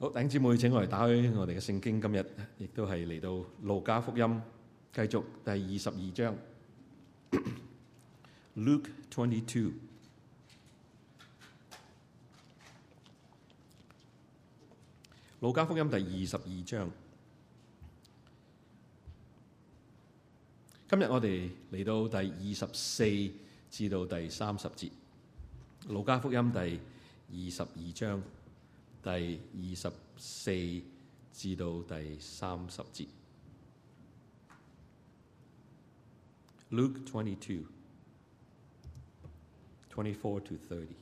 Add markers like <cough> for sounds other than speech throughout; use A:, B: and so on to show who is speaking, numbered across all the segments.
A: 好，弟兄姊妹，請我嚟打開我哋嘅聖經。今日亦都係嚟到路加福音，繼續第二十二章。Luke twenty-two，路加福音第二十二章。今日我哋嚟到第二十四至到第三十節，路加福音第二十二章。第二十四至到第三十節，Luke twenty two twenty four to thirty。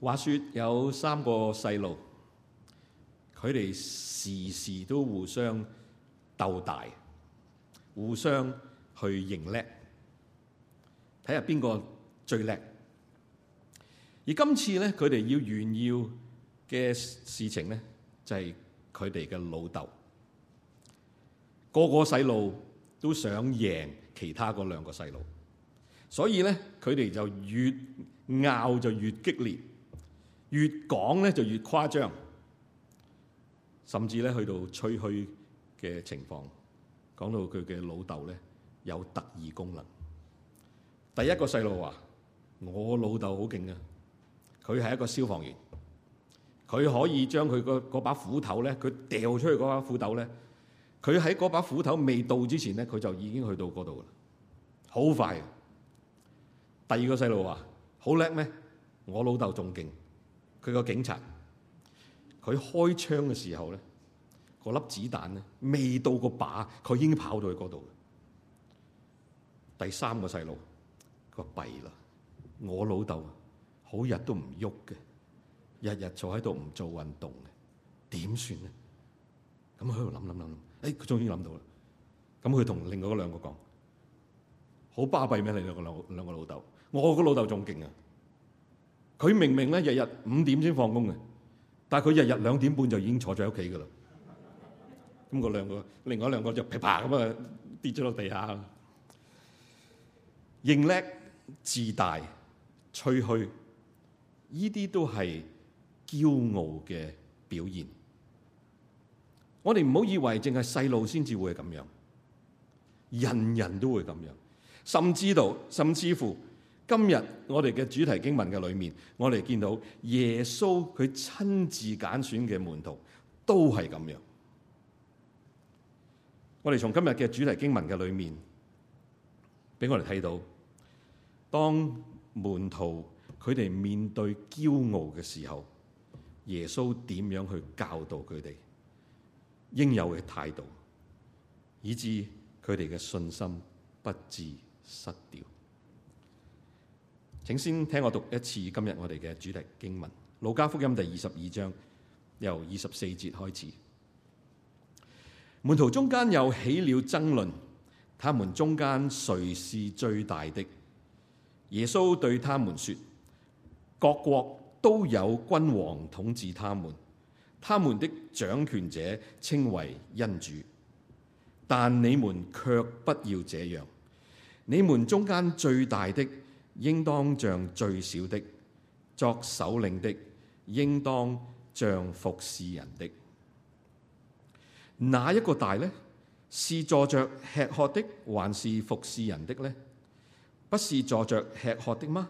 A: 話說有三個細路，佢哋時時都互相鬥大，互相去認叻，睇下邊個。最叻。而今次咧，佢哋要炫耀嘅事情咧，就係佢哋嘅老豆。個個細路都想贏其他嗰兩個細路，所以咧，佢哋就越拗就越激烈，越講咧就越誇張，甚至咧去到吹嘘嘅情況，講到佢嘅老豆咧有特異功能。第一個細路話我老豆好勁啊。佢係一個消防員，佢可以將佢個嗰把斧頭咧，佢掉出去嗰把斧頭咧，佢喺嗰把斧頭未到之前咧，佢就已經去到嗰度啦，好快啊！第二個細路話：好叻咩？我老豆仲勁，佢個警察，佢開槍嘅時候咧，嗰粒子彈咧未到個靶，佢已經跑到去嗰度。第三個細路，佢話：弊啦。我老豆啊，好日都唔喐嘅，日日坐喺度唔做運動嘅，點算咧？咁喺度諗諗諗，哎，佢終於諗到啦。咁佢同另外嗰兩個講：好巴閉咩？你兩個老兩個老豆，我個老豆仲勁啊！佢明明咧日日五點先放工嘅，但係佢日日兩點半就已經坐咗喺屋企㗎啦。咁個兩個另外兩個就劈啪咁啊跌咗落地下，認叻自大。吹去呢啲都係驕傲嘅表現，我哋唔好以為淨係細路先至會係咁樣，人人都會咁樣，甚至到甚至乎今日我哋嘅主題經文嘅裏面，我哋見到耶穌佢親自揀選嘅門徒都係咁樣。我哋從今日嘅主題經文嘅裏面，俾我哋睇到當。門徒佢哋面對驕傲嘅時候，耶穌點樣去教導佢哋應有嘅態度，以致佢哋嘅信心不致失掉。請先聽我讀一次今日我哋嘅主題經文《路加福音》第二十二章，由二十四節開始。門徒中間又起了爭論，他們中間誰是最大的？耶穌對他們說：各國都有君王統治他們，他們的掌權者稱為恩主，但你們卻不要這樣。你們中間最大的，應當像最小的；作首領的，應當像服侍人的。哪一個大呢？是坐著吃喝的，還是服侍人的呢？不是坐着吃喝的嗎？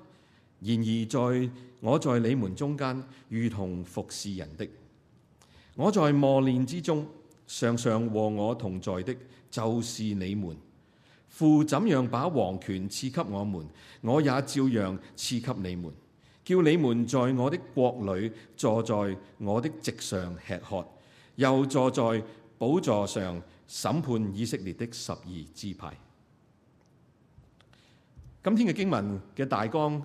A: 然而在我在你們中間，如同服侍人的。我在磨練之中，常常和我同在的，就是你們。父怎樣把王權賜給我們，我也照樣賜給你們，叫你們在我的國裏坐在我的席上吃喝，又坐在寶座上審判以色列的十二支派。今天嘅經文嘅大綱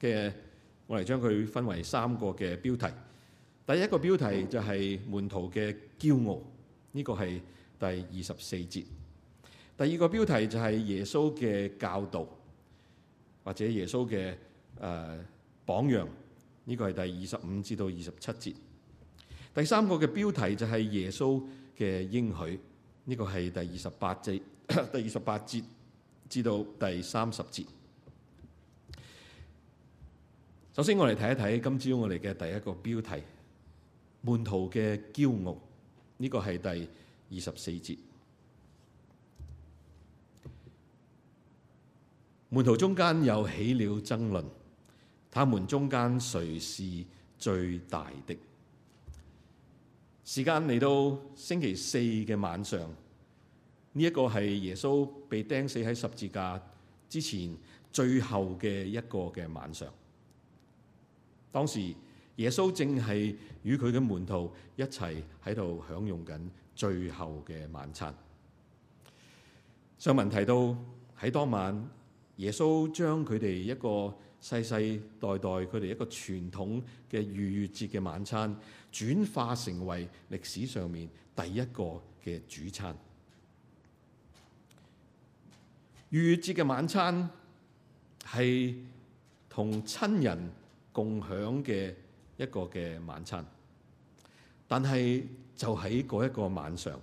A: 嘅，我嚟將佢分為三個嘅標題。第一個標題就係門徒嘅驕傲，呢個係第二十四節。第二個標題就係耶穌嘅教導，或者耶穌嘅誒榜樣，呢個係第二十五至到二十七節。第三個嘅標題就係耶穌嘅應許，呢個係第二十八節，第二十八節。知道第三十節。首先，我哋睇一睇今朝我哋嘅第一個標題：門徒嘅驕傲。呢個係第二十四節。門徒中間有起了爭論，他們中間誰是最大的？時間嚟到星期四嘅晚上。呢一個係耶穌被釘死喺十字架之前最後嘅一個嘅晚上。當時耶穌正係與佢嘅門徒一齊喺度享用緊最後嘅晚餐。上文提到喺當晚，耶穌將佢哋一個世世代代佢哋一個傳統嘅逾越節嘅晚餐，轉化成為歷史上面第一個嘅主餐。逾越節嘅晚餐係同親人共享嘅一個嘅晚餐，但係就喺嗰一個晚上，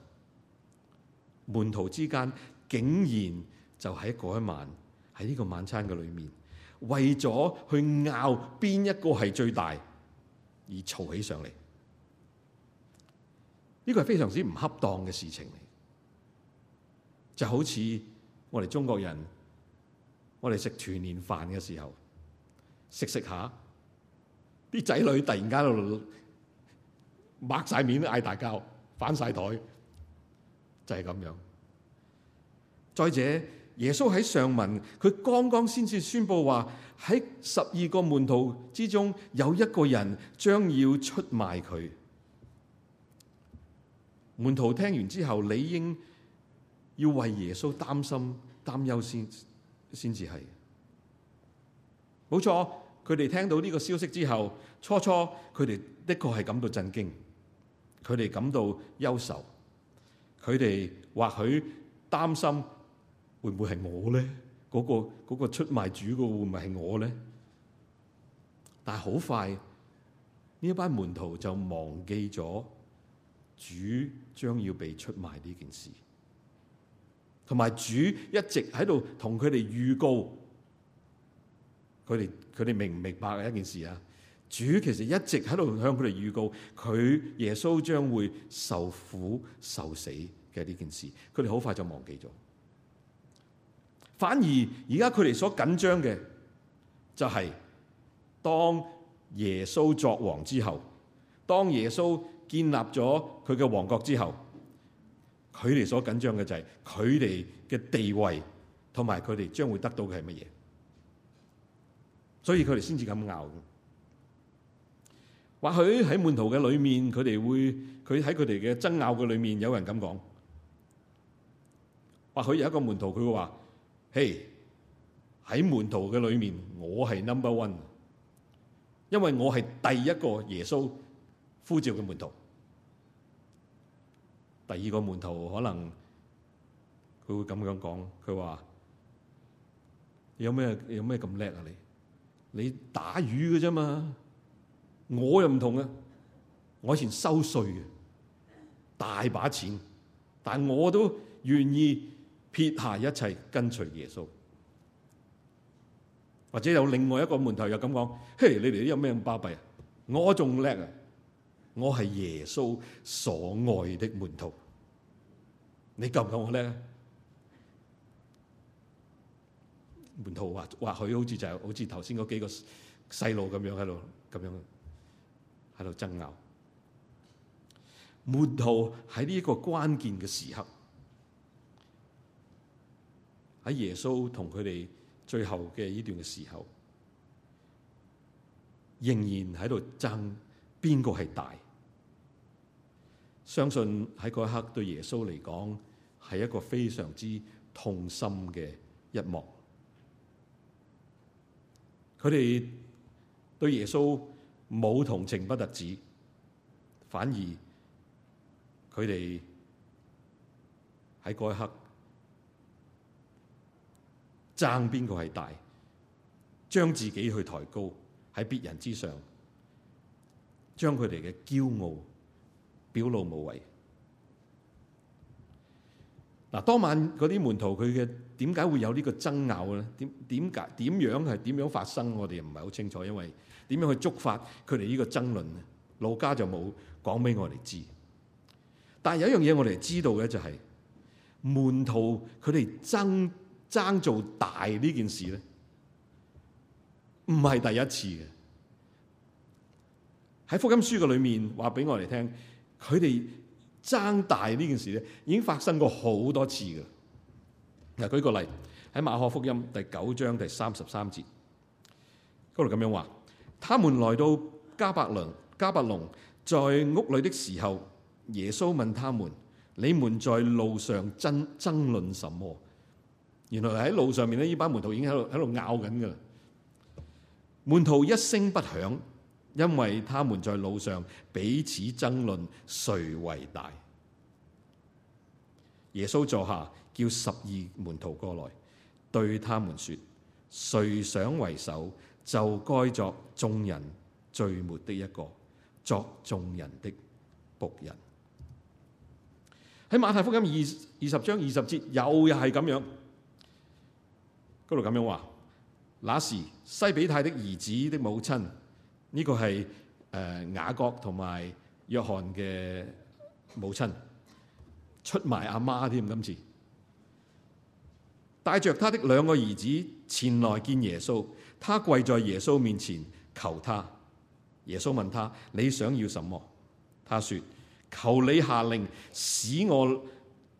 A: 門徒之間竟然就喺嗰一晚喺呢個晚餐嘅裏面，為咗去拗邊一個係最大而嘈起上嚟，呢、這個係非常之唔恰當嘅事情嚟，就好似。我哋中國人，我哋食團年飯嘅時候，食食下，啲仔女突然間就擘晒面，嗌大交，反晒台，就係咁樣。再者，耶穌喺上文，佢剛剛先至宣布話，喺十二個門徒之中，有一個人將要出賣佢。門徒聽完之後，理應。要為耶穌擔心、擔憂先，先至係。冇錯，佢哋聽到呢個消息之後，初初佢哋的確係感到震驚，佢哋感到憂愁，佢哋或許擔心會唔會係我咧？嗰、嗰個、嗰個出賣主嘅會唔會係我咧？但係好快，呢一班門徒就忘記咗主將要被出賣呢件事。同埋主一直喺度同佢哋預告，佢哋，佢哋明唔明白啊一件事啊，主其實一直喺度向佢哋預告，佢耶穌將會受苦受死嘅呢件事，佢哋好快就忘記咗。反而而家佢哋所緊張嘅就係當耶穌作王之後，當耶穌建立咗佢嘅王國之後。佢哋所緊張嘅就係佢哋嘅地位同埋佢哋將會得到嘅係乜嘢，所以佢哋先至咁拗。或許喺門徒嘅裏面，佢哋會佢喺佢哋嘅爭拗嘅裏面，有人咁講。或許有一個門徒佢會話：嘿，喺門徒嘅裏面，我係 number one，因為我係第一個耶穌呼召嘅門徒。第二個門徒可能佢會咁樣講，佢話有咩有咩咁叻啊你？你打魚㗎啫嘛，我又唔同啊，我以前收稅嘅，大把錢，但係我都願意撇下一切跟隨耶穌。或者有另外一個門徒又咁講，嘿你哋有咩咁巴閉啊？我仲叻啊！我係耶穌所愛的門徒，你夠唔夠我咧？門徒或或許好似就係、是、好似頭先嗰幾個細路咁樣喺度咁樣喺度爭拗，門徒喺呢一個關鍵嘅時刻，喺耶穌同佢哋最後嘅呢段嘅時候，仍然喺度爭。邊個係大？相信喺嗰一刻對耶穌嚟講係一個非常之痛心嘅一幕。佢哋對耶穌冇同情不特止，反而佢哋喺嗰一刻爭邊個係大，將自己去抬高喺別人之上。將佢哋嘅驕傲表露無遺。嗱，當晚嗰啲門徒佢嘅，點解會有呢個爭拗咧？點點解？點樣係點樣發生？我哋唔係好清楚，因為點樣去觸發佢哋呢個爭論咧？路加就冇講俾我哋知。但係有一樣嘢，我哋知道嘅就係、是、門徒佢哋爭爭做大呢件事咧，唔係第一次嘅。喺福音書嘅裏面話俾我哋聽，佢哋爭大呢件事咧，已經發生過好多次嘅。嗱，舉個例喺馬可福音第九章第三十三節，嗰度咁樣話：他們來到加百隆，加百隆在屋裏的時候，耶穌問他們：你們在路上爭爭論什麼？原來喺路上面咧，呢班門徒已經喺度喺度拗緊嘅。門徒一聲不響。因為他們在路上彼此爭論誰為大，耶穌坐下叫十二門徒過來，對他們說：誰想為首，就該作眾人最末的一個，作眾人的僕人。喺馬太福音二十二十章二十節又又係咁樣，嗰度咁樣話：那時西庇太的兒子的母親。呢個係誒、呃、雅各同埋約翰嘅母親，出埋阿媽添今次，帶着他的兩個兒子前來見耶穌。他跪在耶穌面前求他。耶穌問他：你想要什麼？他說：求你下令使我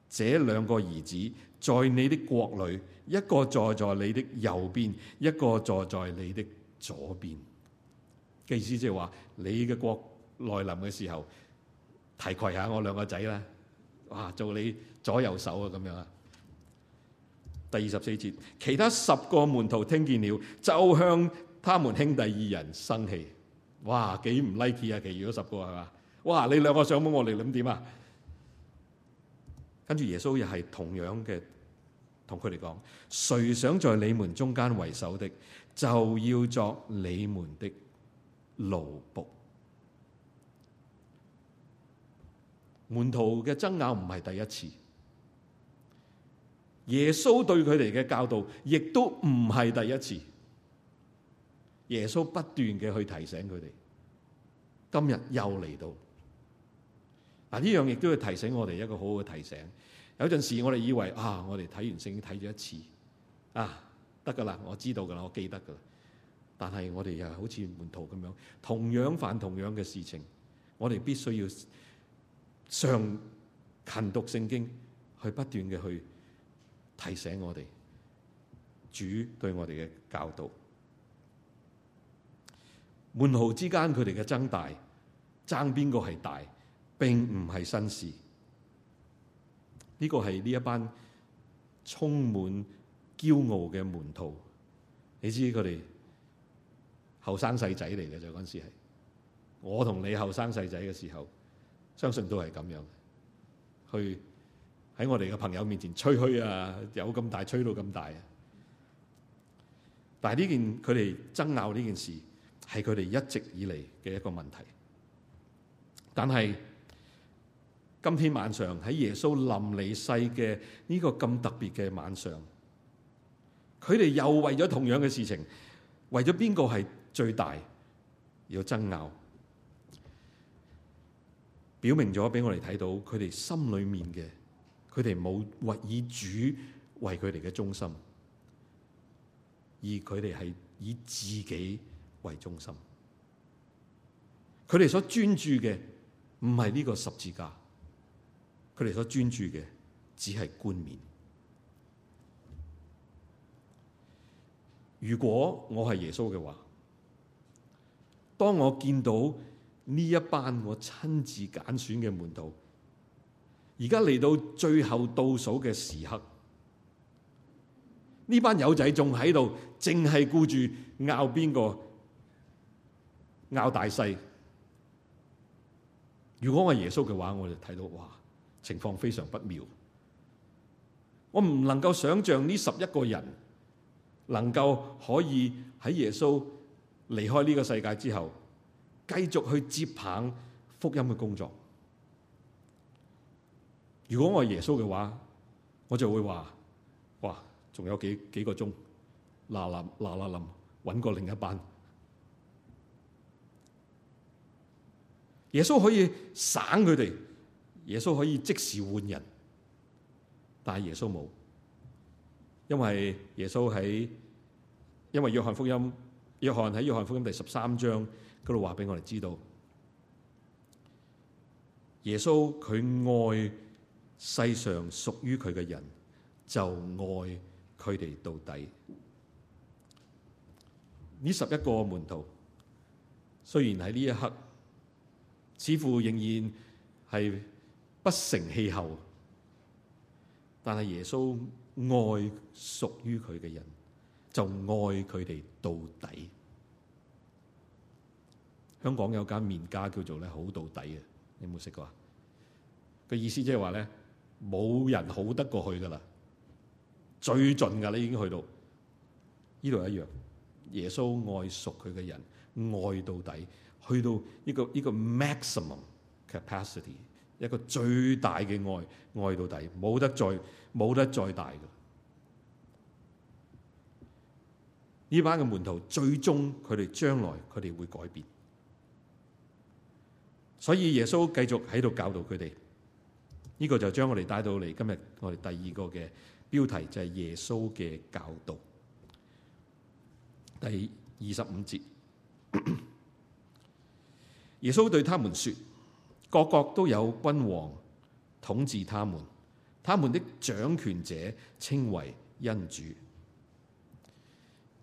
A: 這兩個兒子在你的國裏，一個坐在你的右邊，一個坐在你的左邊。嘅意思即係話，你嘅國來臨嘅時候，提攜下我兩個仔啦，哇，做你左右手啊咁樣啊。第二十四節，其他十個門徒聽見了，就向他們兄弟二人生氣。哇，幾唔 like 啊！其餘嗰十個係嘛？哇，你兩個上門我哋諗點啊？跟住耶穌又係同樣嘅，同佢哋講：誰想在你們中間為首的，就要作你們的。勞僕門徒嘅爭拗唔係第一次，耶穌對佢哋嘅教導亦都唔係第一次，耶穌不斷嘅去提醒佢哋，今日又嚟到，嗱、啊、呢樣亦都要提醒我哋一個好好嘅提醒，有陣時我哋以為啊，我哋睇完聖經睇咗一次啊，得噶啦，我知道噶啦，我記得噶啦。但係我哋又好似門徒咁樣，同樣犯同樣嘅事情，我哋必須要上勤讀聖經，去不斷嘅去提醒我哋主對我哋嘅教導。門徒之間，佢哋嘅爭大，爭邊個係大，並唔係新事。呢個係呢一班充滿驕傲嘅門徒，你知佢哋。後生細仔嚟嘅就嗰時係，我同你後生細仔嘅時候，相信都係咁樣，去喺我哋嘅朋友面前吹噓啊，有咁大吹到咁大啊！但係呢件佢哋爭拗呢件事，係佢哋一直以嚟嘅一個問題。但係今天晚上喺耶穌臨離世嘅呢個咁特別嘅晚上，佢哋又為咗同樣嘅事情，為咗邊個係？最大有爭拗，表明咗俾我哋睇到佢哋心裏面嘅，佢哋冇有以主為佢哋嘅中心，而佢哋係以自己為中心。佢哋所專注嘅唔係呢個十字架，佢哋所專注嘅只係冠冕。如果我係耶穌嘅話。當我見到呢一班我親自揀選嘅門徒，而家嚟到最後倒數嘅時刻，呢班友仔仲喺度，淨係顧住拗邊個拗大細。如果我係耶穌嘅話，我就睇到，哇，情況非常不妙。我唔能夠想象呢十一個人能夠可以喺耶穌。離開呢個世界之後，繼續去接棒福音嘅工作。如果我係耶穌嘅話，我就會話：哇，仲有幾幾個鐘，嗱嗱嗱嗱臨，揾個另一班。耶穌可以省佢哋，耶穌可以即時換人，但係耶穌冇，因為耶穌喺，因為約翰福音。約翰喺約翰福音第十三章嗰度話俾我哋知道，耶穌佢愛世上屬於佢嘅人，就愛佢哋到底。呢十一個門徒雖然喺呢一刻似乎仍然係不成氣候，但係耶穌愛屬於佢嘅人。就愛佢哋到底。香港有間麵家叫做咧好到底啊，你有冇食過啊？個意思即係話咧，冇人好得過去噶啦，最盡噶啦，已經去到呢度一樣。耶穌愛屬佢嘅人，愛到底，去到呢個呢個 maximum capacity，一個最大嘅愛，愛到底，冇得再冇得再大噶。呢班嘅門徒，最終佢哋，將來佢哋會改變，所以耶穌繼續喺度教導佢哋。呢個就將我哋帶到嚟今日我哋第二個嘅標題就係耶穌嘅教導。第二十五節，耶穌對他們說：各國都有君王統治他們，他們的掌權者稱為恩主。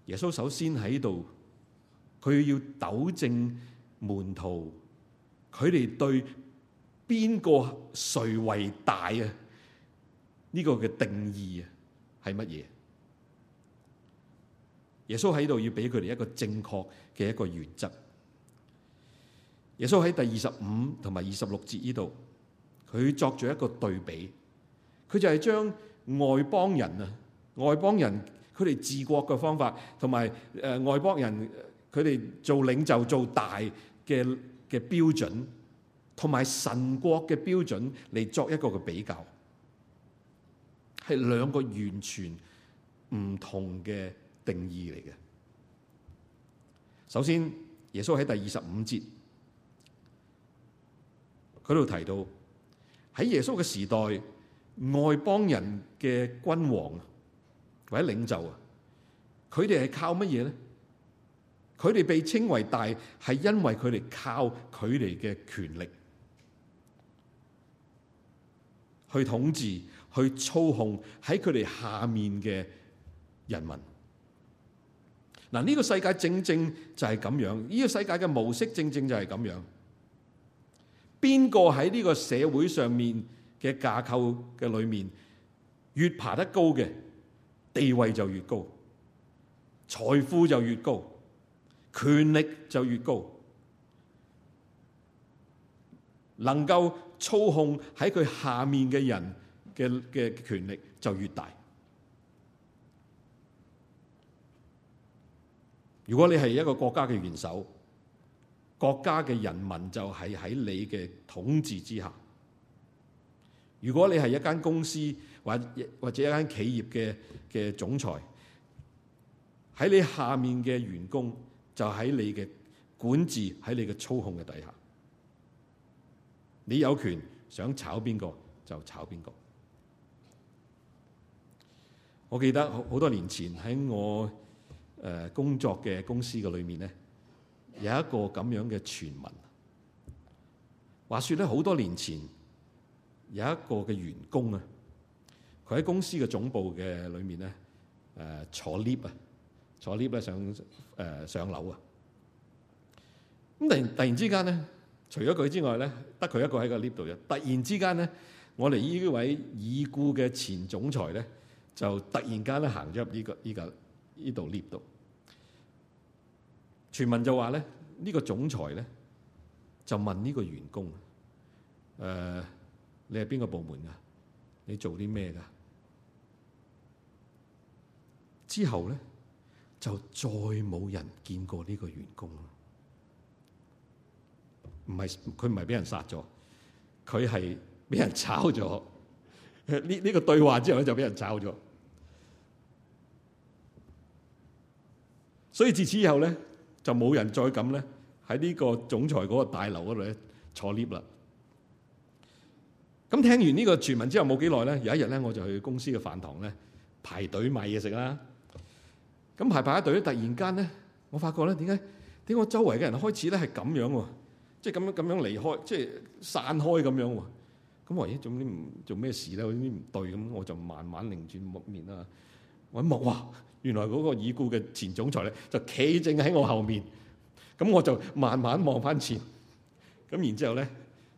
A: 耶穌首先喺度，佢要糾正門徒，佢哋對邊個誰為大啊？呢個嘅定義啊，係乜嘢？耶穌喺度要俾佢哋一個正確嘅一個原則。耶穌喺第二十五同埋二十六節呢度，佢作咗一個對比，佢就係將外邦人啊，外邦人，佢哋治國嘅方法，同埋誒外邦人佢哋做領袖做大嘅嘅標準，同埋神國嘅標準嚟作一個嘅比較，係兩個完全唔同嘅定義嚟嘅。首先，耶穌喺第二十五節，佢度提到喺耶穌嘅時代，外邦人嘅君王。或者領袖啊，佢哋係靠乜嘢咧？佢哋被稱為大，係因為佢哋靠佢哋嘅權力去統治、去操控喺佢哋下面嘅人民。嗱，呢個世界正正就係咁樣，呢、這個呢個世界嘅模式正正就係咁樣。邊個喺呢個社會上面嘅架構嘅裏面越爬得高嘅？地位就越高，財富就越高，權力就越高，能夠操控喺佢下面嘅人嘅嘅權力就越大。如果你係一個國家嘅元首，國家嘅人民就係喺你嘅統治之下。如果你係一間公司。或或者一間企業嘅嘅總裁，喺你下面嘅員工就喺你嘅管治，喺你嘅操控嘅底下，你有權想炒邊個就炒邊個。我記得好多年前喺我誒工作嘅公司嘅裏面咧，有一個咁樣嘅傳聞，話說咧好多年前有一個嘅員工啊。佢喺公司嘅總部嘅裏面咧，誒坐 lift 啊，坐 lift 咧想誒上樓啊。咁突然突然之間咧，除咗佢之外咧，得佢一個喺個 lift 度嘅。突然之間咧，我哋呢位已故嘅前總裁咧，就突然間咧行咗入呢個呢個呢度 lift 度。傳聞就話咧，呢個總裁咧就問呢個員工：誒、呃，你係邊個部門啊？你做啲咩噶？之後咧，就再冇人見過呢個員工啦。唔係佢唔係俾人殺咗，佢係俾人炒咗。呢、呢、呢個對話之後咧，就俾人炒咗。所以自此以後咧，就冇人再咁咧喺呢個總裁嗰個大樓嗰度咧坐 lift 啦。咁聽完呢個傳聞之後，冇幾耐咧，有一日咧，我就去公司嘅飯堂咧排隊買嘢食啦。咁排排一隊，突然間咧，我發覺咧，點解點解周圍嘅人開始咧係咁樣喎，即係咁樣咁樣離開，即係散開咁樣喎。咁我一、欸、做啲唔做咩事咧，好似啲唔對咁，我就慢慢擰轉面啊，我一望，哇！原來嗰個已故嘅前總裁咧，就企正喺我後面。咁我就慢慢望翻前，咁然之後咧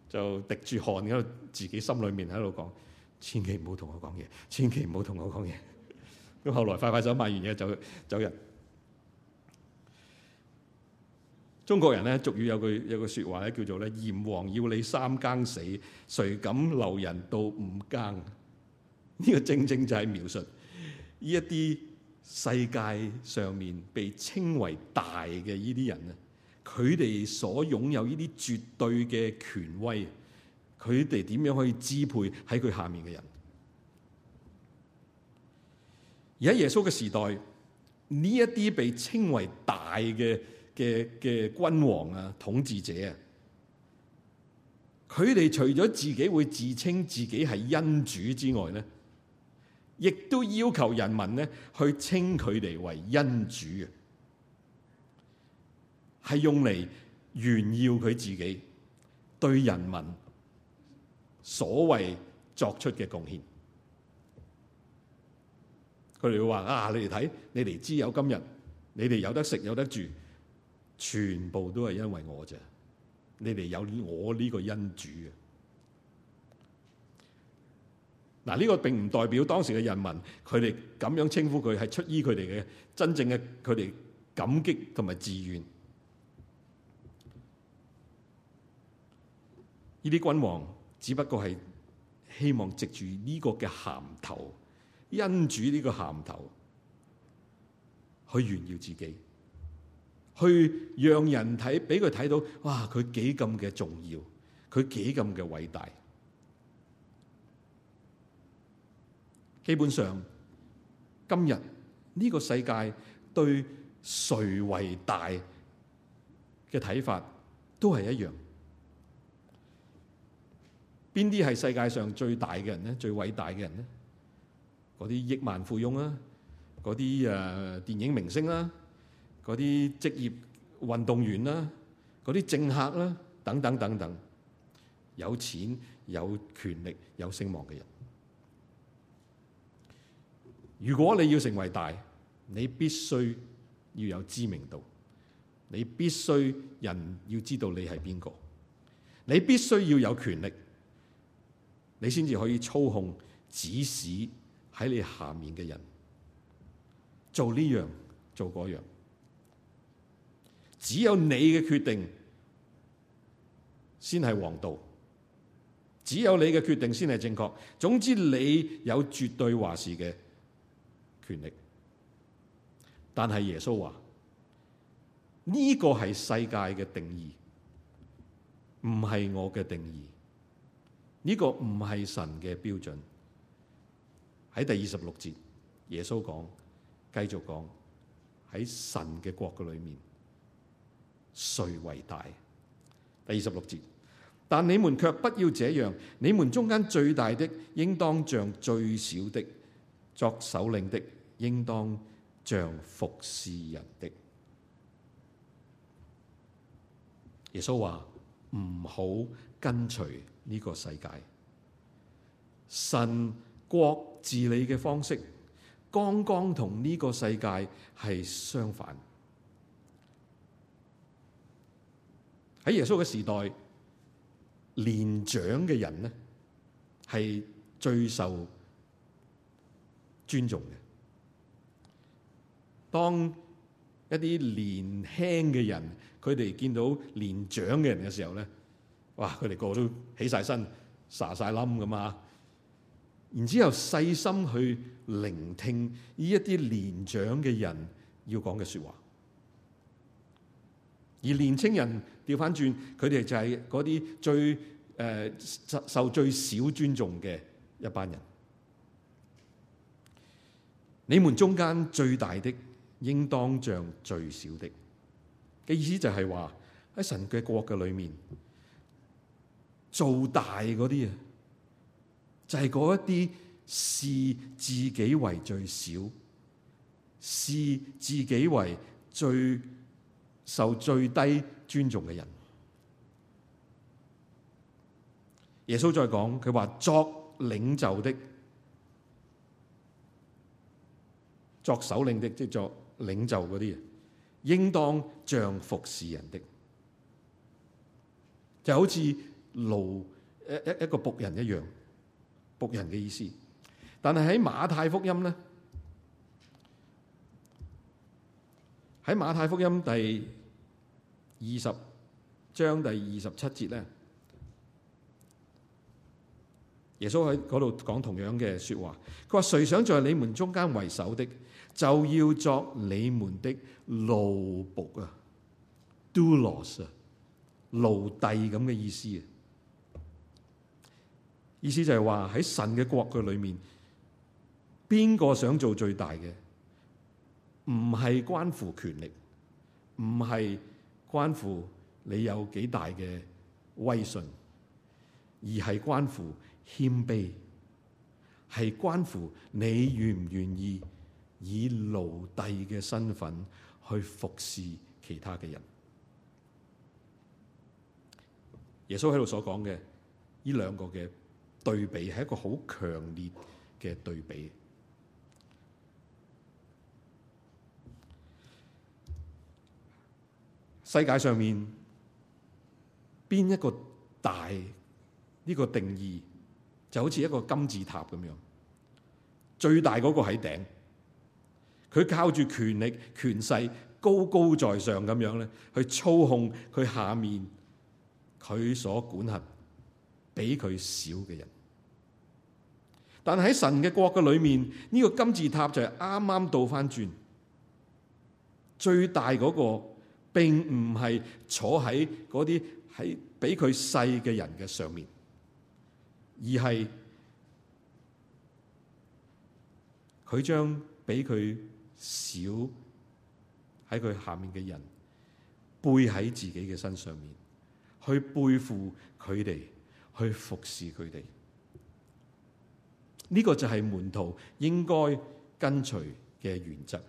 A: 就滴住汗，喺度自己心裏面喺度講：千祈唔好同我講嘢，千祈唔好同我講嘢。咁後來快快手買完嘢就走，走人。中國人咧俗語有句有句説話咧叫做咧，閻王要你三更死，誰敢留人到五更？呢、呢個正正就係描述呢一啲世界上面被稱為大嘅呢啲人咧，佢哋所擁有呢啲絕對嘅權威，佢哋點樣可以支配喺佢下面嘅人？而喺耶穌嘅時代，呢一啲被稱為大嘅嘅嘅君王啊、統治者啊，佢哋除咗自己會自稱自己係恩主之外咧，亦都要求人民咧去稱佢哋為恩主嘅，係用嚟炫耀佢自己對人民所謂作出嘅貢獻。佢哋會話：啊，你哋睇，你哋知有今日，你哋有得食有得住，全部都係因為我啫。你哋有我呢個恩主嘅。嗱、啊，呢、呢個並唔代表當時嘅人民，佢哋咁樣稱呼佢，係出於佢哋嘅真正嘅佢哋感激同埋自願。呢啲君王，只不過係希望藉住呢個嘅銜頭。因主呢個咸頭去炫耀自己，去讓人睇，俾佢睇到，哇！佢幾咁嘅重要，佢幾咁嘅偉大。基本上，今日呢個世界對誰為大嘅睇法都係一樣。邊啲係世界上最大嘅人咧？最偉大嘅人咧？嗰啲億萬富翁啦、啊，嗰啲誒電影明星啦、啊，嗰啲職業運動員啦、啊，嗰啲政客啦、啊，等等等等，有錢有權力有聲望嘅人。如果你要成為大，你必須要有知名度，你必須人要知道你係邊個，你必須要有權力，你先至可以操控指使，喺你下面嘅人做呢樣做嗰樣，只有你嘅決定先係王道，只有你嘅決定先係正確。總之，你有絕對話事嘅權力，但係耶穌話呢個係世界嘅定義，唔係我嘅定義，呢個唔係神嘅標準。喺第二十六節，耶穌講，繼續講喺神嘅國嘅裏面，誰為大？第二十六節，但你們卻不要這樣，你們中間最大的，應當像最小的；作首領的，應當像服侍人的。耶穌話唔好跟隨呢個世界，神國。治理嘅方式，剛剛同呢個世界係相反。喺耶穌嘅時代，年長嘅人咧係最受尊重嘅。當一啲年輕嘅人，佢哋見到年長嘅人嘅時候咧，哇！佢哋個個都起晒身，撒晒冧咁啊！然之後細心去聆聽呢一啲年長嘅人要講嘅說話，而年青人調翻轉，佢哋就係嗰啲最誒、呃、受最少尊重嘅一班人。你們中間最大的，應當像最小的嘅意思就係話，喺神嘅國嘅裏面做大嗰啲啊。就係嗰一啲視自己為最少、視自己為最受最低尊重嘅人。耶穌再講，佢話：作領袖的、作首領的，即係作領袖嗰啲人，應當像服侍人的，就好似奴一一一個僕人一樣。僕人嘅意思，但係喺馬太福音咧，喺馬太福音第二十章第二十七節咧，耶穌喺嗰度講同樣嘅說話，佢話，誰想在你們中間為首的，就要作你們的奴僕啊，Doulos 啊，奴隸咁嘅意思啊。意思就係話喺神嘅國度裏面，邊個想做最大嘅，唔係關乎權力，唔係關乎你有幾大嘅威信，而係關乎謙卑，係關乎你願唔願意以奴隸嘅身份去服侍其他嘅人。耶穌喺度所講嘅呢兩個嘅。對比係一個好強烈嘅對比，世界上面邊一個大呢個定義，就好似一個金字塔咁樣，最大嗰個喺頂，佢靠住權力、權勢，高高在上咁樣咧，去操控佢下面佢所管轄俾佢少嘅人，但喺神嘅國嘅裏面，呢個金字塔就係啱啱倒翻轉，最大嗰個並唔係坐喺嗰啲喺俾佢細嘅人嘅上面，而係佢將俾佢少喺佢下面嘅人背喺自己嘅身上面，去背負佢哋。去服侍佢哋，呢個就係門徒應該跟隨嘅原則。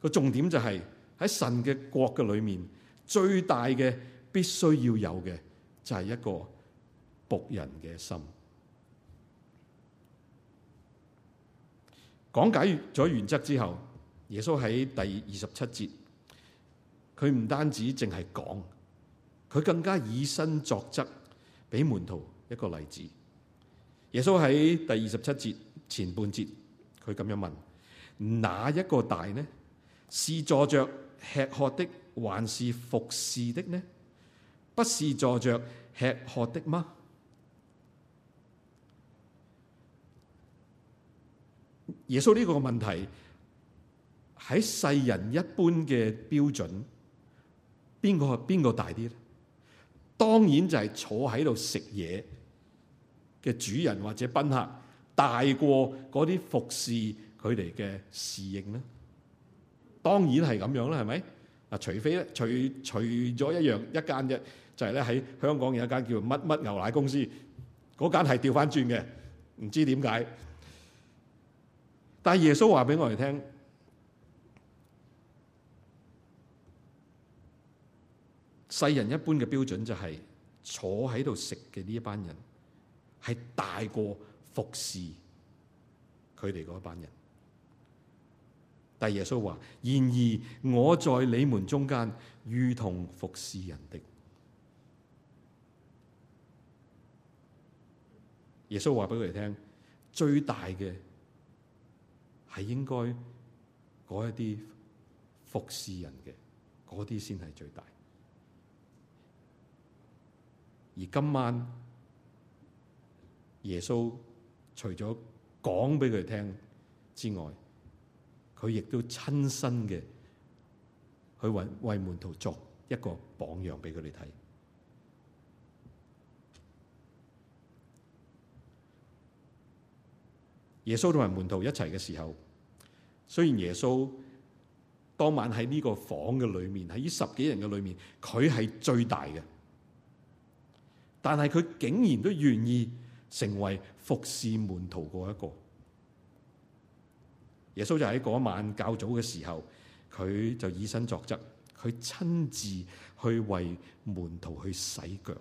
A: 個重點就係喺神嘅國嘅裏面，最大嘅必須要有嘅就係一個僕人嘅心。講解咗原則之後，耶穌喺第二十七節，佢唔單止淨係講，佢更加以身作則。俾門徒一個例子。耶穌喺第二十七節前半節，佢咁樣問，哪一個大呢？是坐着吃喝的，還是服侍的呢？不是坐着吃喝的嗎？耶穌呢個問題喺世人一般嘅標準，邊個邊個大啲呢？當然就係坐喺度食嘢嘅主人或者賓客大過嗰啲服侍佢哋嘅侍應啦。當然係咁樣啦，係咪？啊，除非咧，除除咗一樣一間啫，就係咧喺香港有一間叫乜乜牛奶公司，嗰間係掉翻轉嘅，唔知點解。但係耶穌話俾我哋聽。世人一般嘅標準就係、是、坐喺度食嘅呢一班人係大過服侍佢哋嗰一班人。但係耶穌話，然而我在你們中間如同服侍人的。耶穌話俾佢哋聽，最大嘅係應該嗰一啲服侍人嘅嗰啲先係最大的。而今晚，耶穌除咗講俾佢聽之外，佢亦都親身嘅去為為門徒作一個榜樣俾佢哋睇。耶穌同埋門徒一齊嘅時候，雖然耶穌當晚喺呢個房嘅裏面，喺呢十幾人嘅裏面，佢係最大嘅。但係佢竟然都願意成為服侍門徒嗰一個，耶穌就喺嗰晚較早嘅時候，佢就以身作則，佢親自去為門徒去洗腳。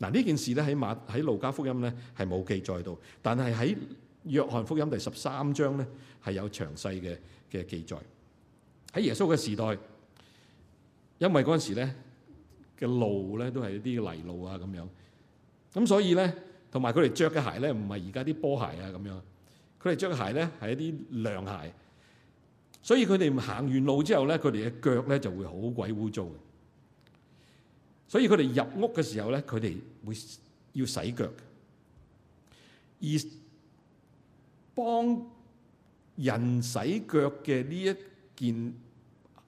A: 嗱，呢件事咧喺馬喺路加福音咧係冇記載到，但係喺約翰福音第十三章咧係有詳細嘅嘅記載。喺耶穌嘅時代，因為嗰時咧。嘅路咧都係一啲泥路啊咁樣，咁所以咧，同埋佢哋着嘅鞋咧，唔係而家啲波鞋啊咁樣，佢哋着嘅鞋咧係一啲涼鞋，所以佢哋行完路之後咧，佢哋嘅腳咧就會好鬼污糟嘅。所以佢哋入屋嘅時候咧，佢哋會要洗腳，而幫人洗腳嘅呢一件。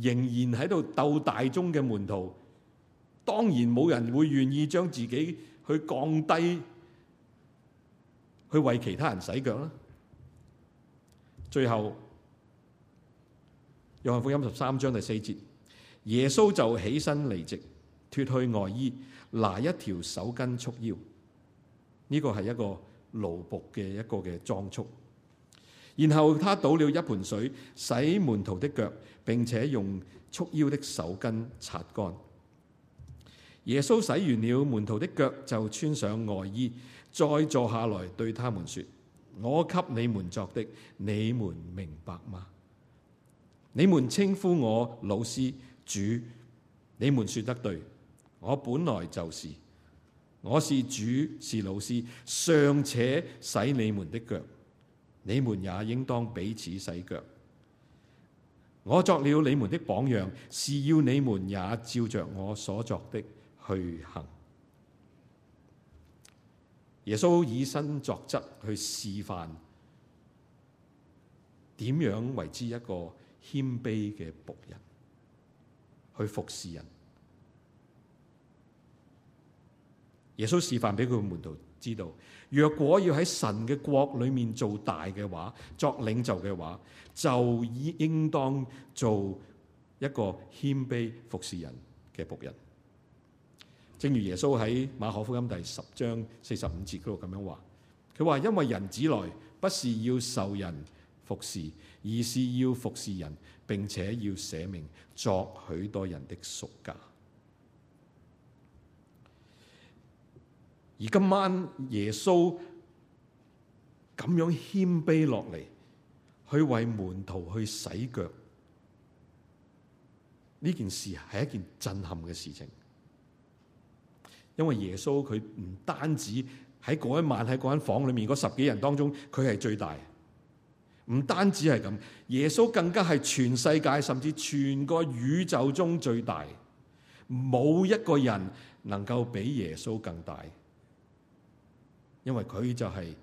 A: 仍然喺度鬥大眾嘅門徒，當然冇人會願意將自己去降低，去為其他人洗腳啦。最後，約翰福音十三章第四節，耶穌就起身離席，脫去外衣，拿一條手巾束腰。呢、這個係一個勞僕嘅一個嘅裝束。然後他倒了一盆水洗門徒的腳，並且用束腰的手巾擦乾。耶穌洗完了門徒的腳，就穿上外衣，再坐下來對他們說：我給你們作的，你們明白嗎？你們稱呼我老師、主，你們說得對，我本來就是。我是主，是老師，尚且洗你們的腳。你們也應當彼此洗腳。我作了你們的榜樣，是要你們也照着我所作的去行。耶穌以身作則去示範點樣為之一個謙卑嘅僕人，去服侍人。耶穌示範俾佢哋知道。若果要喺神嘅國裏面做大嘅話，作領袖嘅話，就應應當做一個謙卑服侍人嘅僕人。正如耶穌喺馬可福音第十章四十五節嗰度咁樣話，佢話：因為人子來不是要受人服侍，而是要服侍人，並且要捨命作許多人的贖價。而今晚耶穌咁樣謙卑落嚟，去為門徒去洗腳，呢件事係一件震撼嘅事情。因為耶穌佢唔單止喺嗰一晚喺嗰間房裏面嗰十幾人當中，佢係最大，唔單止係咁，耶穌更加係全世界甚至全個宇宙中最大，冇一個人能夠比耶穌更大。因為佢就係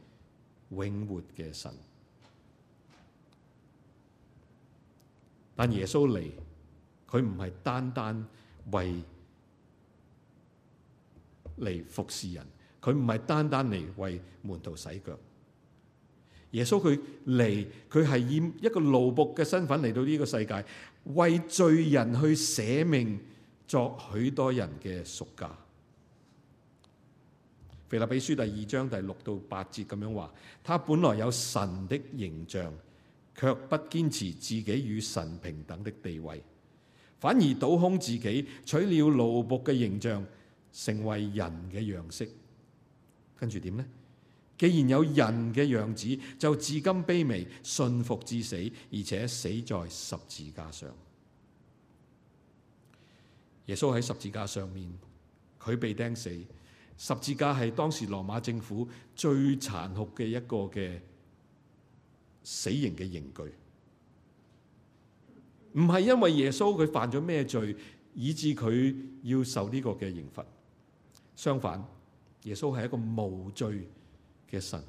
A: 永活嘅神，但耶穌嚟，佢唔係單單為嚟服侍人，佢唔係單單嚟為門徒洗腳。耶穌佢嚟，佢係以一個奴僕嘅身份嚟到呢個世界，為罪人去捨命，作許多人嘅贖價。腓立比書第二章第六到八節咁樣話，他本來有神的形象，却不堅持自己與神平等的地位，反而倒空自己，取了奴僕嘅形象，成為人嘅樣式。跟住點呢？既然有人嘅樣子，就自甘卑微，順服至死，而且死在十字架上。耶穌喺十字架上面，佢被釘死。十字架係當時羅馬政府最殘酷嘅一個嘅死刑嘅刑具，唔係因為耶穌佢犯咗咩罪，以致佢要受呢個嘅刑罰，相反，耶穌係一個無罪嘅神，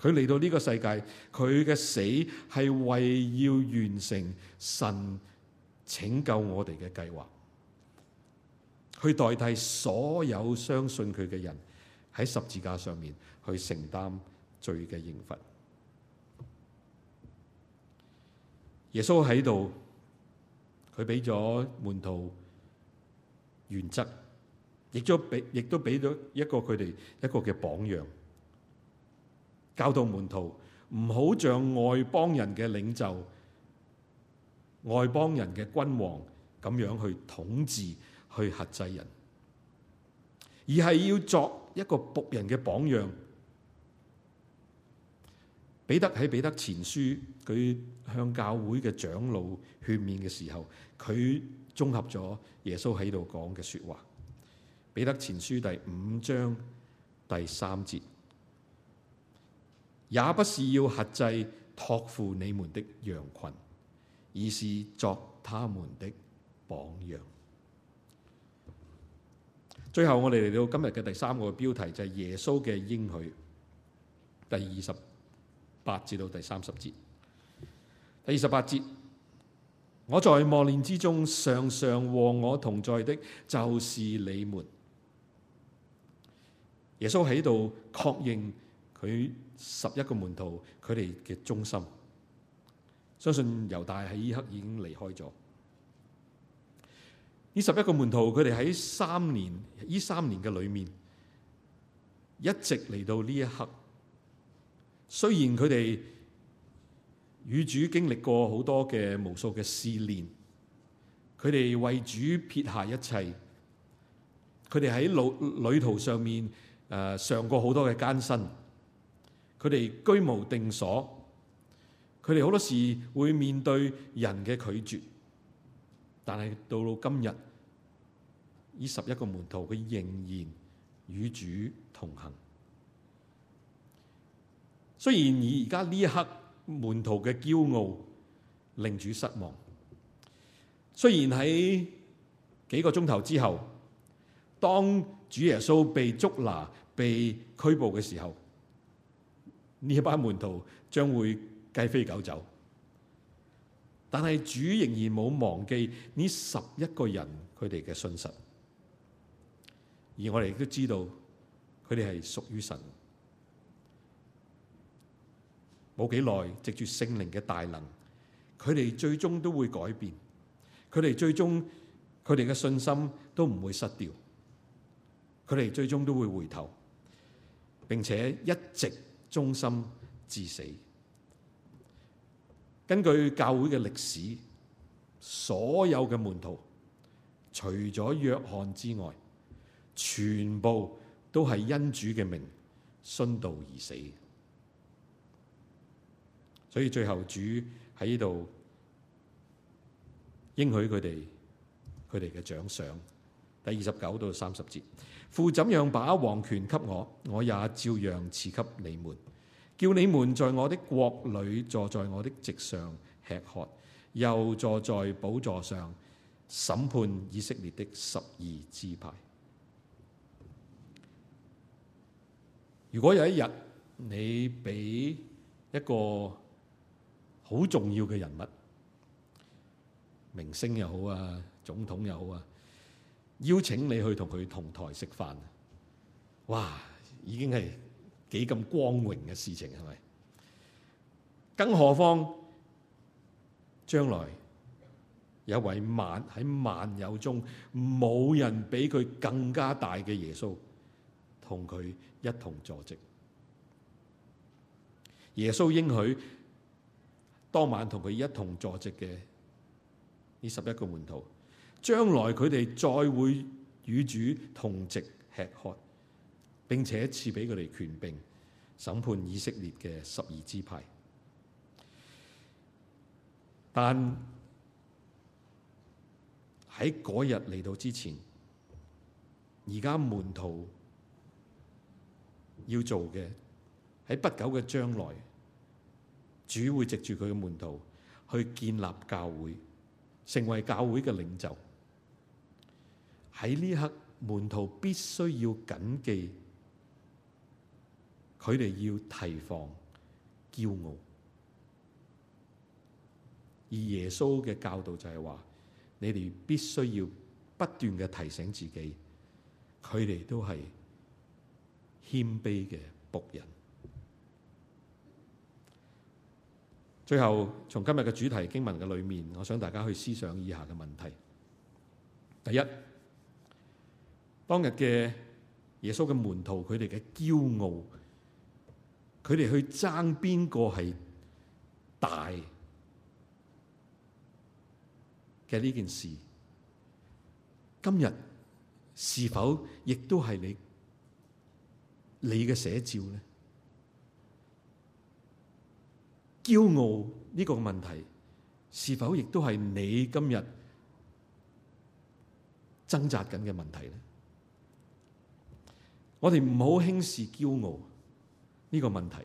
A: 佢嚟到呢個世界，佢嘅死係為要完成神拯救我哋嘅計劃。佢代替所有相信佢嘅人喺十字架上面去承擔罪嘅刑罰。耶穌喺度，佢俾咗門徒原則，亦都俾，亦都俾咗一個佢哋一個嘅榜樣，教導門徒唔好像外邦人嘅領袖、外邦人嘅君王咁樣去統治。去轄制人，而係要作一個僕人嘅榜樣。彼得喺彼得前書，佢向教會嘅長老勸勉嘅時候，佢綜合咗耶穌喺度講嘅說話。彼得前書第五章第三節，也不是要轄制託付你們的羊群，而是作他們的榜樣。最後我哋嚟到今日嘅第三個標題就是耶穌嘅應許，第二十八至到第三十節。第二十八節，我在磨練之中，常常和我同在的，就是你們。耶穌喺度確認佢十一個門徒佢哋嘅忠心，相信猶大喺呢刻已經離開咗。呢十一個門徒，佢哋喺三年，呢三年嘅裏面，一直嚟到呢一刻。雖然佢哋與主經歷過好多嘅無數嘅試煉，佢哋為主撇下一切，佢哋喺路旅途上面誒、呃、上過好多嘅艱辛，佢哋居無定所，佢哋好多時會面對人嘅拒絕。但是，到到今天呢十一個門徒，佢仍然與主同行。雖然而而家呢一刻門徒的驕傲令主失望，雖然在幾個鐘頭之後，當主耶穌被捉拿、被拘捕的時候，這一班門徒將會雞飛狗走。但係主仍然冇忘記呢十一個人佢哋嘅信實，而我哋亦都知道佢哋係屬於神。冇幾耐，藉住聖靈嘅大能，佢哋最終都會改變，佢哋最終佢哋嘅信心都唔會失掉，佢哋最終都會回頭，並且一直忠心至死。根據教會嘅歷史，所有嘅門徒，除咗約翰之外，全部都係因主嘅命殉道而死。所以最後主喺呢度應許佢哋佢哋嘅獎賞。第二十九到三十節，父怎樣把王權給我，我也照樣賜給你們。叫你們在我的國裏坐在我的席上吃喝，又坐在寶座上審判以色列的十二支派。如果有一日你俾一個好重要嘅人物，明星又好啊，總統又好啊，邀請你去同佢同台食飯，哇，已經係～幾咁光榮嘅事情係咪？更何況將來有一位萬喺萬有中冇人比佢更加大嘅耶穌，同佢一同坐席。耶穌應許當晚同佢一同坐席嘅呢十一個門徒，將來佢哋再會與主同席吃喝。並且賜俾佢哋權柄審判以色列嘅十二支派。但喺嗰日嚟到之前，而家門徒要做嘅，喺不久嘅將來，主會藉住佢嘅門徒去建立教會，成為教會嘅領袖。喺呢刻，門徒必須要謹記。佢哋要提防驕傲，而耶穌嘅教導就係話：你哋必須要不斷嘅提醒自己，佢哋都係謙卑嘅僕人。最後，從今日嘅主題經文嘅裏面，我想大家去思想以下嘅問題：第一，當日嘅耶穌嘅門徒，佢哋嘅驕傲。佢哋去爭邊個係大嘅呢件事，今日是否亦都係你你嘅寫照咧？驕傲呢個問題，是否亦都係你今日掙扎緊嘅問題咧？我哋唔好輕視驕傲。呢個問題，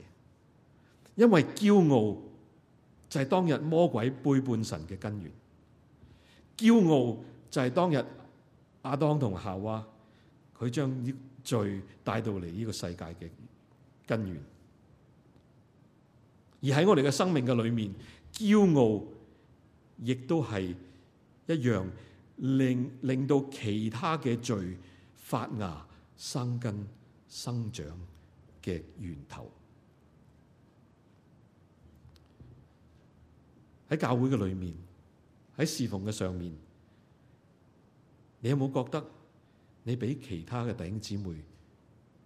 A: 因為驕傲就係當日魔鬼背叛神嘅根源，驕傲就係當日亞當同夏娃佢將呢罪帶到嚟呢個世界嘅根源，而喺我哋嘅生命嘅裏面，驕傲亦都係一樣令令到其他嘅罪發芽、生根、生長。嘅源頭喺教會嘅裏面，喺侍奉嘅上面，你有冇覺得你比其他嘅弟兄姊妹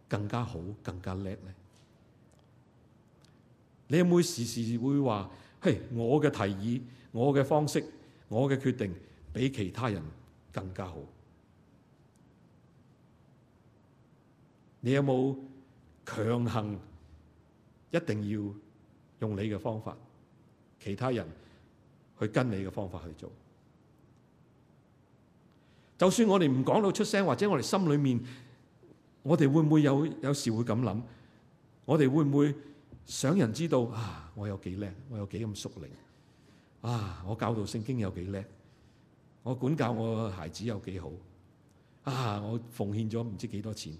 A: 更加好、更加叻呢？你有冇時時會話：嘿，我嘅提議、我嘅方式、我嘅決定比其他人更加好？你有冇？強行一定要用你嘅方法，其他人去跟你嘅方法去做。就算我哋唔講到出聲，或者我哋心裏面，我哋會唔會有有時會咁諗？我哋會唔會想人知道啊？我有幾叻？我有幾咁熟靈啊！我教導聖經有幾叻？我管教我孩子有幾好？啊！我奉獻咗唔知幾多錢？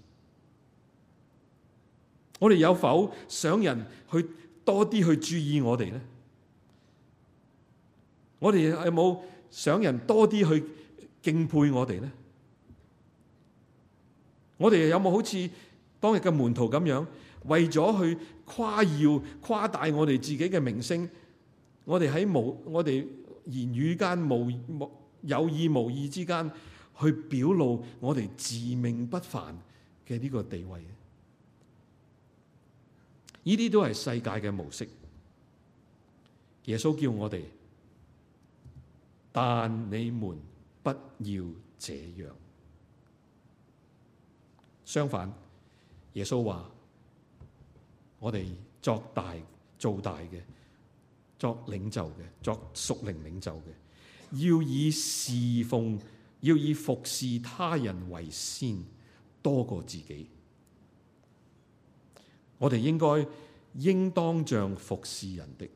A: 我哋有否想人去多啲去注意我哋呢？我哋有冇想人多啲去敬佩我哋呢？我哋有冇好似當日嘅門徒咁樣，為咗去誇耀、誇大我哋自己嘅名聲？我哋喺無我哋言語間無無有意無意之間，去表露我哋自命不凡嘅呢個地位？呢啲都係世界嘅模式。耶穌叫我哋，但你們不要這樣。相反，耶穌話：我哋作大、做大嘅，作領袖嘅，作屬靈領袖嘅，要以侍奉、要以服侍他人為先，多過自己。我哋應該應當像服侍人的，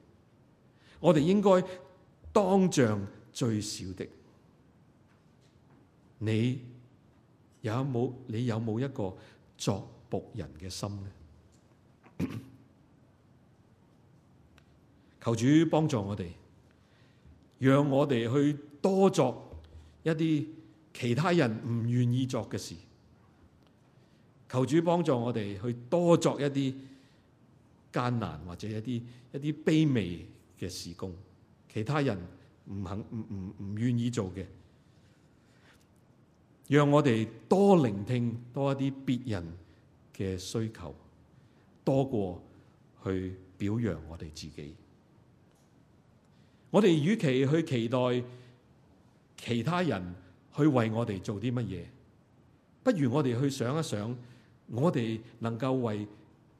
A: 我哋應該當像最少的。你有冇？你有冇一個作僕人嘅心呢？求主幫助我哋，讓我哋去多作一啲其他人唔願意作嘅事。求主幫助我哋去多作一啲艱難或者一啲一啲卑微嘅事工，其他人唔肯唔唔唔願意做嘅，讓我哋多聆聽多一啲別人嘅需求，多過去表揚我哋自己。我哋與其去期待其他人去為我哋做啲乜嘢，不如我哋去想一想。我哋能夠為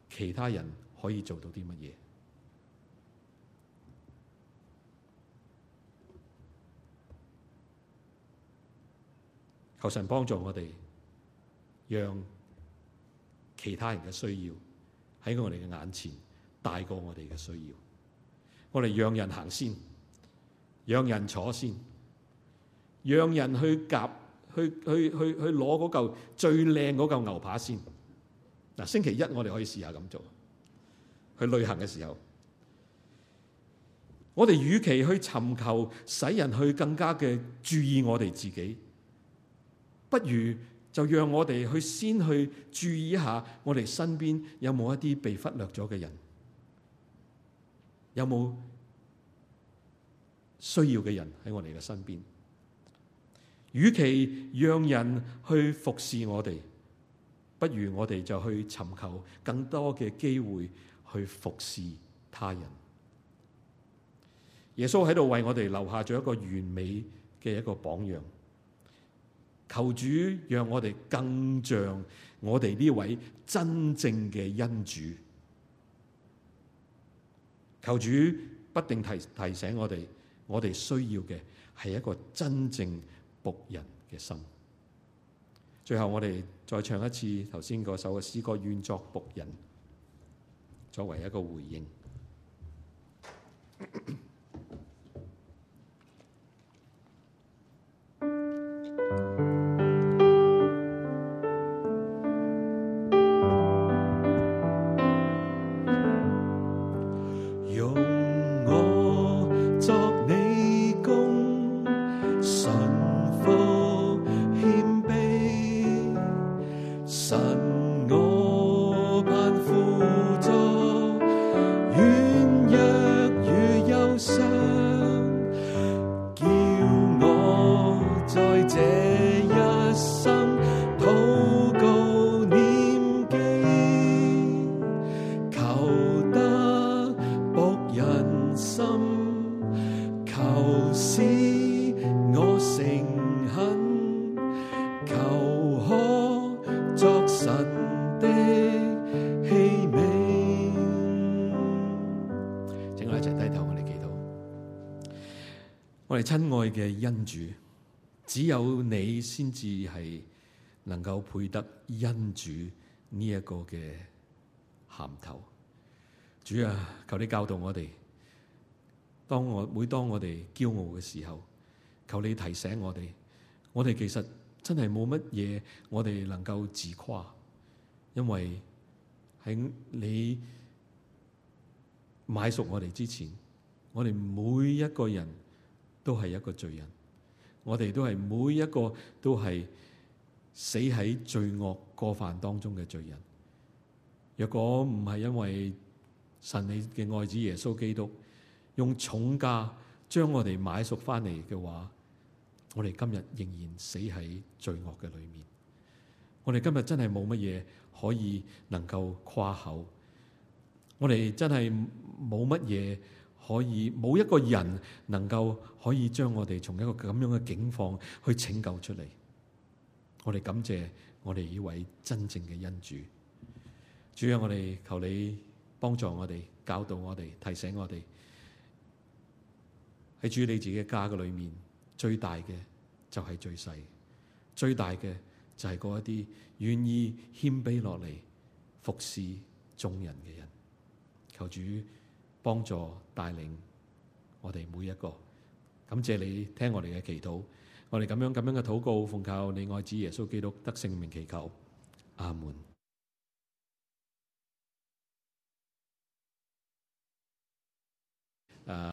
A: 其他人可以做到啲乜嘢？求神幫助我哋，讓其他人嘅需要喺我哋嘅眼前大過我哋嘅需要。我哋讓人行先，讓人坐先，讓人去夾去去去去攞嗰嚿最靚嗰嚿牛扒先。嗱，星期一我哋可以試一下試下咁做，去旅行嘅時候，我哋與其去尋求使人去更加嘅注意我哋自己，不如就讓我哋去先去注意一下我哋身邊有冇一啲被忽略咗嘅人，有冇需要嘅人喺我哋嘅身邊？與其讓人去服侍我哋。不如我哋就去尋求更多嘅機會去服侍他人。耶穌喺度為我哋留下咗一個完美嘅一個榜樣。求主讓我哋更像我哋呢位真正嘅恩主。求主不定提提醒我哋，我哋需要嘅係一個真正僕人嘅心。最後，我哋再唱一次頭先嗰首嘅詩歌《願作僕人》，作為一個回應。 <coughs> 嘅恩主，只有你先至係能夠配得恩主呢一個嘅銜頭。主啊，求你教導我哋。當我每當我哋驕傲嘅時候，求你提醒我哋。我哋其實真係冇乜嘢，我哋能夠自誇，因為喺你買贖我哋之前，我哋每一個人。都係一個罪人，我哋都係每一個都係死喺罪惡過犯當中嘅罪人。若果唔係因為神你嘅愛子耶穌基督用重價將我哋買贖翻嚟嘅話，我哋今日仍然死喺罪惡嘅裏面。我哋今日真係冇乜嘢可以能夠誇口，我哋真係冇乜嘢。可以冇一個人能夠可以將我哋從一個咁樣嘅境況去拯救出嚟。我哋感謝我哋呢位真正嘅恩主。主啊，我哋求你幫助我哋，教導我哋，提醒我哋喺主你自己嘅家嘅裏面，最大嘅就係最細，最大嘅就係嗰一啲願意謙卑落嚟服侍眾人嘅人。求主。幫助帶領我哋每一個，感謝你聽我哋嘅祈禱，我哋咁樣咁樣嘅禱告，奉靠你愛子耶穌基督得聖名祈求，阿門。